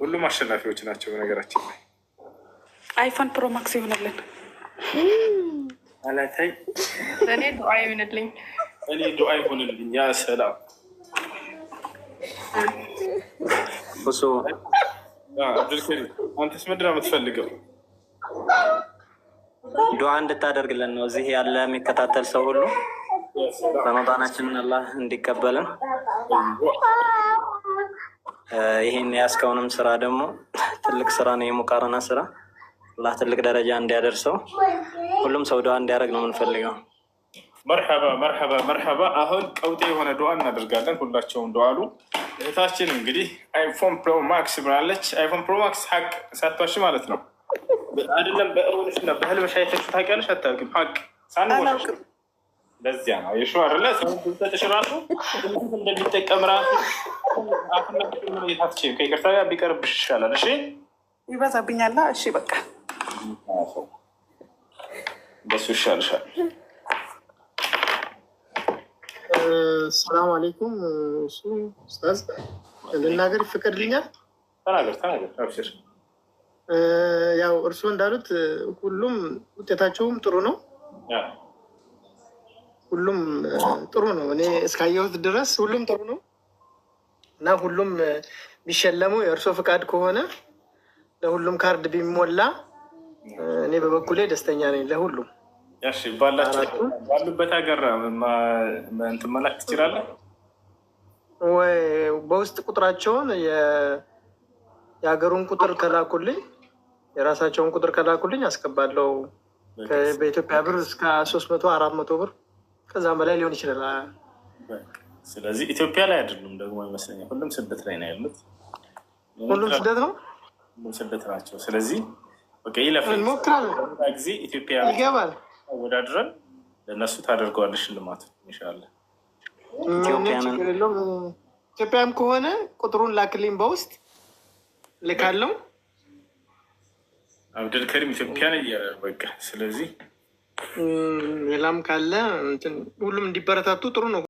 ሁሉም አሸናፊዎች ናቸው። በነገራችን ላይ አይፎን ፕሮ ማክስ ይሆናለን። አላታይ እኔ ዱዓ ይሆንልኝ፣ እኔ ዱዓ ይሆንልኝ። ያ ሰላም አብዱልከሪም፣ አንተስ ምንድን ነው የምትፈልገው? ዱዓ እንድታደርግልን ነው እዚህ ያለ የሚከታተል ሰው ሁሉ ረመዳናችንን አላህ እንዲቀበልን ይህን ያስከውንም ስራ ደግሞ ትልቅ ስራ ነው። የሙቃረና ስራ አላህ ትልቅ ደረጃ እንዲያደርሰው ሁሉም ሰው ድዋ እንዲያደርግ ነው የምንፈልገው። መርሐባ መርሐባ መርሐባ። አሁን ቀውጤ የሆነ ድዋ እናደርጋለን። ሁላቸውም ድዋሉ። እህታችን እንግዲህ አይፎን ፕሮ ማክስ ብላለች። አይፎን ፕሮ ማክስ ሀቅ ሳቷሽ ማለት ነው አይደለም? በእውነትና እና በህልምሽ አይተሽው ታውቂያለሽ? አታውቂም? ሀቅ ሳንወሽ ለዚያ ነው የሸዋርለ ሰው ሰጥሽ ራሱ እንደሚጠቀም ራሱ ይቅርታ ቢቀርብሽ ይሻላል። እሺ ይበዛብኛላ። እሺ በቃ በሱ ይሻልሻል። ሰላም አሌይኩም። እሱ ኡስታዝ ልናገር ይፈቀድልኛል? ተናገር ተናገር። ያው እርስዎ እንዳሉት ሁሉም ውጤታቸውም ጥሩ ነው። ሁሉም ጥሩ ነው። እኔ እስካየሁት ድረስ ሁሉም ጥሩ ነው። እና ሁሉም ቢሸለሙ የእርሶ ፍቃድ ከሆነ ለሁሉም ካርድ ቢሞላ እኔ በበኩሌ ደስተኛ ነኝ። ለሁሉም ባሉበት ሀገር እንትን መላክ ትችላለህ ወይ? በውስጥ ቁጥራቸውን የሀገሩን ቁጥር ከላኩልኝ የራሳቸውን ቁጥር ከላኩልኝ አስገባለሁ። በኢትዮጵያ ብር እስከ ሶስት መቶ አራት መቶ ብር ከዛም በላይ ሊሆን ይችላል። ስለዚህ ኢትዮጵያ ላይ አይደሉም ደግሞ ይመስለኛል። ሁሉም ስደት ላይ ነው ያሉት። ሁሉም ስደት ነው፣ ሁሉም ስደት ናቸው። ስለዚህ ጊዜ ኢትዮጵያ አወዳድረን ለእነሱ ታደርገዋለሽ ሽልማት እንሻለን። ኢትዮጵያም ከሆነ ቁጥሩን ላክልኝ በውስጥ ልካለው። አብደልከሪም ኢትዮጵያን እያለ በቃ ስለዚህ ሌላም ካለ ሁሉም እንዲበረታቱ ጥሩ ነው።